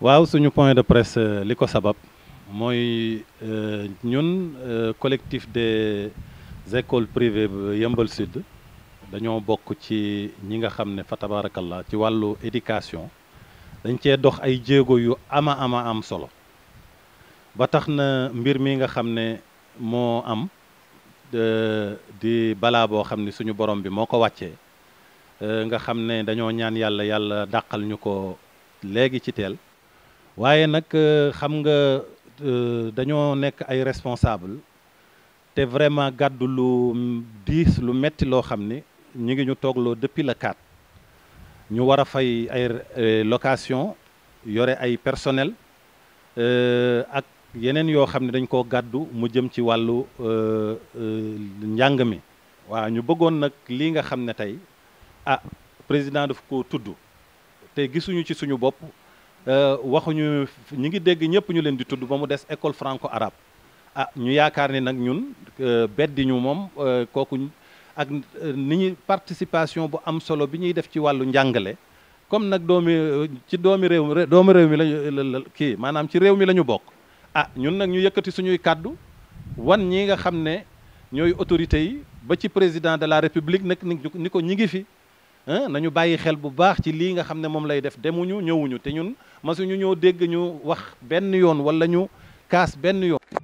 waaw suñu point de presse euh, li ko sabab mooy euh, ñun euh, collectif des écoles privées Yeumbeul Sud dañoo bokk ci ñi nga fa tabarakallah ci wàllu éducation dañ cee dox ay jéego yu ama ama am solo ba tax na mbir mi nga xam ne moo am di balaa boo xam ne suñu borom bi moo ko wàccee nga xam ne ñaan yàlla yàlla dàqal ñu ko ci teel waaye nag euh, xam nga euh, dañoo nekk ay responsable te vraiment gàddu lu diis lu metti loo xam ñu ngi ñu toogloo depuis le 4 ñu war a fay ay euh, location yore ay personnel ak yeneen yoo xam ne dañ koo gàddu mu jëm ci wàllu njàng mi waaw ñu bëggoon nag lii nga xam ne ah président daf ko tudd te gisuñu ci suñu bopp Euh, waxuñu ñi ngi dégg ñëpp ñu leen di tudd ba mu des école franco arabe ah ñu yaakaar ni nag ñun euh, beddi euh, ñu moom kooku ak ni ñuy participation bu am solo bi ñuy def ci wàllu njàngale comme nag doomi ci doomi réew doomi réew mi lañu kii maanaam ci réew mi la ñu bokk ah ñun nag ñu yëkkati suñuy kàddu wan ñi nga xam ne ñooy autorités yi ba ci président de la république nag ni ko ñi ngi fi nañu bàyyi xel bu baax ci lii nga xam ne moom lay def demuñu ñëwuñu te ñun masuñu ñoo dégg ñu wax benn yoon wala ñu kaas benn yoon